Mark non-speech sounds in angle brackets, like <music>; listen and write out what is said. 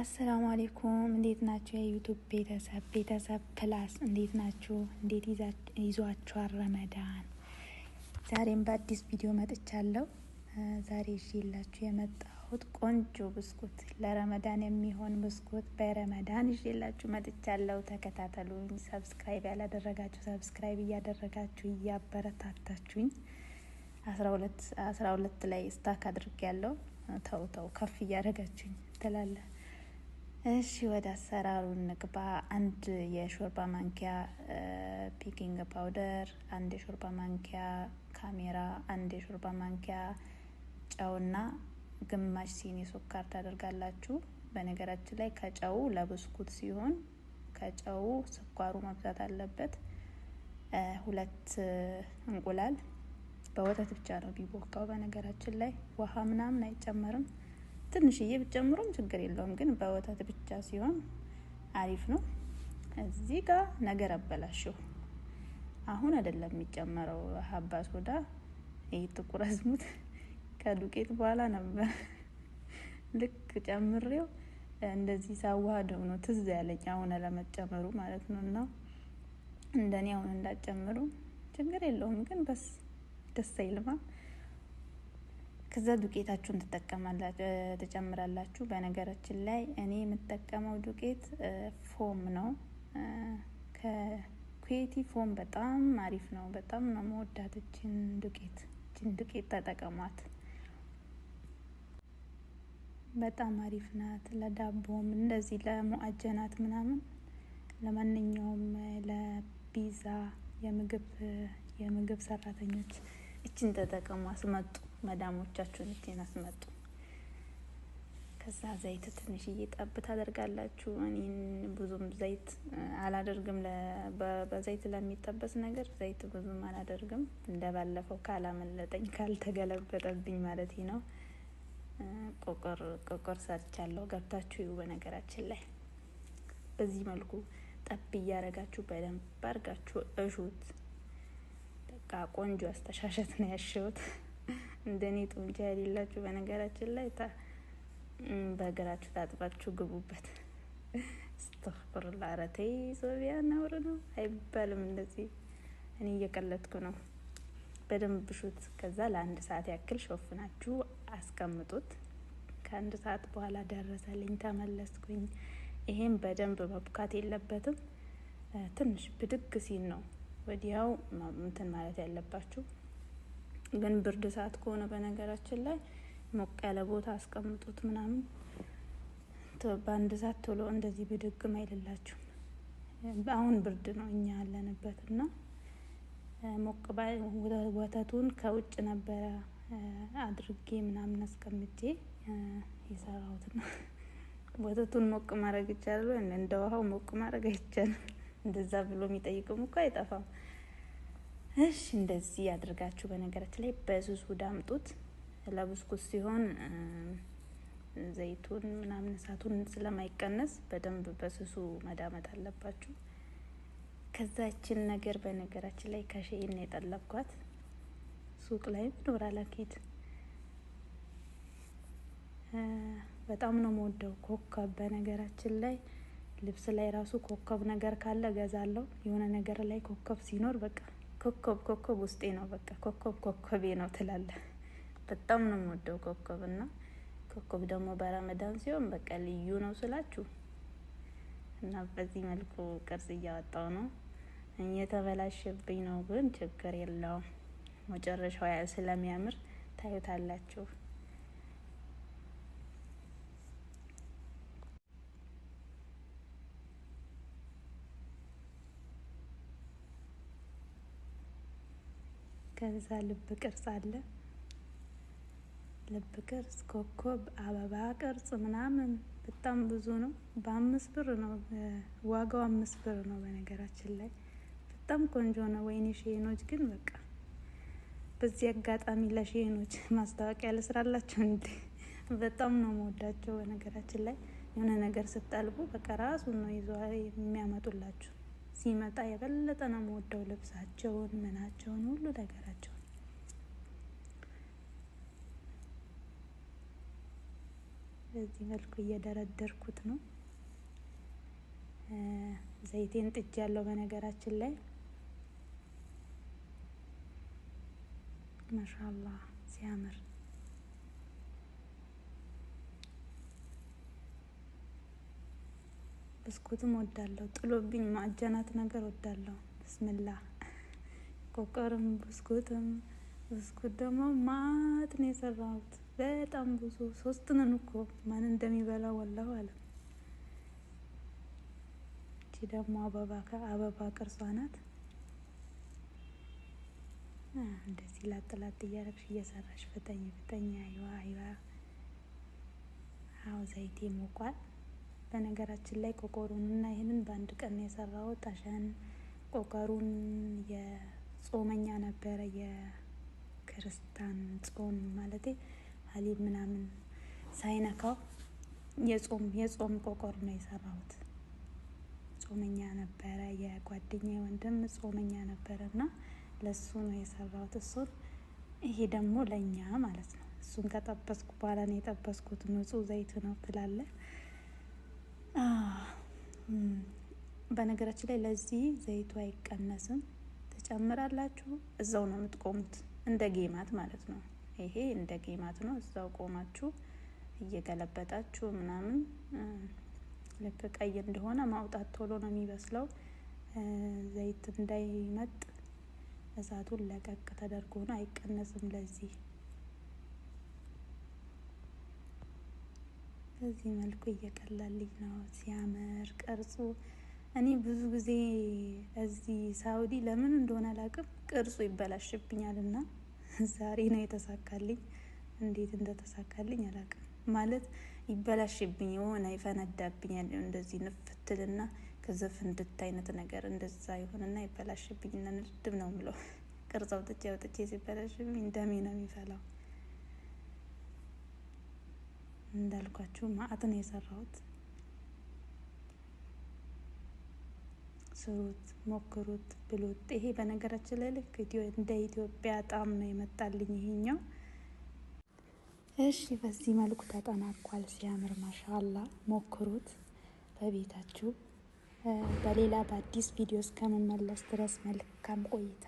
አሰላሙ አሌይኩም እንዴት ናችሁ? የዩቱብ ቤተሰብ ቤተሰብ ፕላስ እንዴት ናችሁ? እንዴት ይዟችኋል ረመዳን? ዛሬም በአዲስ ቪዲዮ መጥቻለሁ። ዛሬ ይዤላችሁ የመጣሁት ቆንጆ ብስኩት፣ ለረመዳን የሚሆን ብስኩት በረመዳን ይዤላችሁ መጥቻለሁ። ተከታተሉኝ። ሰብስክራይብ ያላደረጋችሁ ሰብስክራይብ እያደረጋችሁ እያበረታታችሁኝ አስራ ሁለት ላይ ስታክ አድርጌ ያለው ተው ተው ከፍ እያደረጋችሁኝ ትላለ እሺ ወደ አሰራሩ እንግባ። አንድ የሾርባ ማንኪያ ፒኪንግ ፓውደር፣ አንድ የሾርባ ማንኪያ ካሜራ፣ አንድ የሾርባ ማንኪያ ጨውና ግማሽ ሲኒ ሱካር ታደርጋላችሁ። በነገራችን ላይ ከጨው ለብስኩት ሲሆን ከጨው ስኳሩ መብዛት አለበት። ሁለት እንቁላል በወተት ብቻ ነው ቢቦካው። በነገራችን ላይ ውሃ ምናምን አይጨመርም። ትንሽዬ ብትጨምሩም ችግር የለውም፣ ግን በወተት ብቻ ሲሆን አሪፍ ነው። እዚህ ጋር ነገር አበላሽው። አሁን አይደለም የሚጨመረው ሀባ ሶዳ። ይህ ጥቁር አዝሙድ <laughs> ከዱቄት በኋላ ነበር <laughs> ልክ ጨምሬው እንደዚህ ሳዋህደው ነው ትዝ ያለኝ አሁን ለመጨመሩ ማለት ነው። እና እንደኔ አሁን እንዳጨምሩ ችግር የለውም፣ ግን በስ ደስ አይልማ። ከዛ ዱቄታችሁን ትጨምራላችሁ። በነገራችን ላይ እኔ የምጠቀመው ዱቄት ፎም ነው። ከኩዌቲ ፎም በጣም አሪፍ ነው። በጣም ነው መወዳት እችን ዱቄት እችን ዱቄት ተጠቀሟት። በጣም አሪፍ ናት። ለዳቦም እንደዚህ ለሙአጀናት ምናምን ለማንኛውም ለፒዛ የምግብ የምግብ ሰራተኞች እችን ተጠቀሟት መጡ መዳሞቻችሁን እቴን አስመጡ። ከዛ ዘይት ትንሽዬ ጠብ ታደርጋላችሁ። እኔ ብዙም ዘይት አላደርግም፣ በዘይት ለሚጠበስ ነገር ዘይት ብዙም አላደርግም። እንደባለፈው ካላመለጠኝ ካልተገለበጠብኝ ማለት ነው። ቆቆር ቆቆር ሰርቻለሁ፣ ገብታችሁ ይሁ። በነገራችን ላይ በዚህ መልኩ ጠብ እያደረጋችሁ በደንብ አድርጋችሁ እሹት። በቃ ቆንጆ አስተሻሸት ነው ያሸሁት። እንደኔ ጡንቻ የሌላችሁ በነገራችን ላይ በእግራችሁ ታጥባችሁ ግቡበት። እስተፍርላ ኧረ ሶቢያ ነውር ነው አይባልም። እንደዚህ እኔ እየቀለጥኩ ነው። በደንብ ብሹት። ከዛ ለአንድ ሰዓት ያክል ሾፍናችሁ አስቀምጡት። ከአንድ ሰዓት በኋላ ደረሰልኝ፣ ተመለስኩኝ። ይሄም በደንብ መብካት የለበትም። ትንሽ ብድግ ሲል ነው ወዲያው እንትን ማለት ያለባችሁ። ግን ብርድ ሰዓት ከሆነ በነገራችን ላይ ሞቅ ያለ ቦታ አስቀምጡት ምናምን። በአንድ ሰዓት ቶሎ እንደዚህ ብድግም አይልላችሁም። አሁን ብርድ ነው እኛ ያለንበት እና ሞቅ ወተቱን ከውጭ ነበረ አድርጌ ምናምን አስቀምጬ የሰራሁት ነው። ወተቱን ሞቅ ማድረግ ይቻላል፣ እንደ ውሃው ሞቅ ማድረግ አይቻልም። እንደዛ ብሎ የሚጠይቅም እኮ አይጠፋም። እሺ እንደዚህ ያድርጋችሁ። በነገራችን ላይ በስሱ ዳምጡት። ለብስኩት ሲሆን ዘይቱን ምናምን እሳቱን ስለማይቀነስ በደንብ በስሱ መዳመጥ አለባችሁ። ከዛችን ነገር በነገራችን ላይ ከሸይን የጠለብኳት ሱቅ ላይ ኖራ በጣም ነው የምወደው ኮከብ። በነገራችን ላይ ልብስ ላይ ራሱ ኮከብ ነገር ካለ ገዛለው የሆነ ነገር ላይ ኮከብ ሲኖር በቃ ኮከብ ኮከብ ውስጤ ነው። በቃ ኮከብ ኮከቤ ነው ትላለህ። በጣም ነው የምወደው ኮከብ እና ኮከብ ደግሞ በረመዳን ሲሆን በቃ ልዩ ነው ስላችሁ እና በዚህ መልኩ ቅርጽ እያወጣው ነው። እየተበላሸብኝ ነው ግን ችግር የለውም። መጨረሻው ስለሚያምር ታዩታላችሁ። ከዛ ልብ ቅርጽ አለ። ልብ ቅርጽ፣ ኮከብ፣ አበባ ቅርጽ ምናምን በጣም ብዙ ነው። በአምስት ብር ነው ዋጋው፣ አምስት ብር ነው በነገራችን ላይ በጣም ቆንጆ ነው። ወይኔ ሼኖች ግን በቃ በዚህ አጋጣሚ ለሼኖች ማስታወቂያ ልስራላቸው እንዴ! በጣም ነው መወዳቸው በነገራችን ላይ የሆነ ነገር ስጠልቡ በቃ ራሱ ነው ይዘ የሚያመጡላችሁ። ሲመጣ የበለጠ ነው የምወደው። ልብሳቸውን፣ ምናቸውን፣ ሁሉ ነገራቸውን በዚህ መልኩ እየደረደርኩት ነው። ዘይቴን ጥጅ ያለው በነገራችን ላይ ማሻአላህ ሲያምር ብስኩትም ወዳለሁ። ጥሎብኝ ማዕጀናት ነገር ወዳለሁ። ብስምላ ቆቀርም ብስኩትም ብስኩት ደግሞ ማት ነው የሰራሁት። በጣም ብዙ ሶስት ነን እኮ ማን እንደሚበላ ወላሁ አለ። እቺ ደግሞ አበባ አበባ ቅርጿ ናት። እንደዚህ ላጥ ላጥ እያረግሽ እየሰራሽ ፍጠኝ ፍጠኝ። አይዋ አይዋ። አዎ ዘይቴ ሞቋል። በነገራችን ላይ ቆቆሩን እና ይህንን በአንድ ቀን የሰራሁት አሸን ቆቀሩን የጾመኛ ነበረ የክርስታን ጾም ማለት ሀሊብ ምናምን ሳይነካው የጾም የጾም ቆቆር ነው የሰራሁት። ጾመኛ ነበረ የጓደኛ ወንድም ጾመኛ ነበረ እና ለሱ ነው የሰራሁት እሱን። ይሄ ደግሞ ለእኛ ማለት ነው። እሱን ከጠበስኩ በኋላ ነው የጠበስኩት። ንጹህ ዘይት ነው ትላለህ በነገራችን ላይ ለዚህ ዘይቱ አይቀነስም። ትጨምራላችሁ፣ እዛው ነው የምትቆሙት። እንደ ጌማት ማለት ነው። ይሄ እንደ ጌማት ነው። እዛው ቆማችሁ እየገለበጣችሁ ምናምን ልክ ቀይ እንደሆነ ማውጣት ቶሎ ነው የሚበስለው። ዘይት እንዳይመጥ እሳቱን ለቀቅ ተደርጎ ነው፣ አይቀነስም ለዚህ በዚህ መልኩ እየቀላልኝ ነው። ሲያምር ቅርጹ እኔ ብዙ ጊዜ እዚህ ሳውዲ ለምን እንደሆነ አላቅም ቅርጹ ይበላሽብኛል እና ዛሬ ነው የተሳካልኝ። እንዴት እንደተሳካልኝ አላቅም ማለት ይበላሽብኝ የሆነ ይፈነዳብኛል። እንደዚህ ንፍትልና ከዘፍ እንድት አይነት ነገር እንደዛ ይሆንና ይበላሽብኝና ንድድም ነው ምለው ቅርጽ አውጥቼ አውጥቼ ሲበላሽብኝ ደሜ ነው የሚፈላው። እንዳልኳችሁ ማአት ነው የሰራሁት። ስሩት፣ ሞክሩት፣ ብሉት። ይሄ በነገራችን ላይ ልክ እንደ ኢትዮጵያ ጣም ነው የመጣልኝ ይሄኛው። እሺ በዚህ መልኩ ተጠናቋል። ሲያምር ማሻላ። ሞክሩት በቤታችሁ። በሌላ በአዲስ ቪዲዮ እስከምመለስ ድረስ መልካም ቆይታ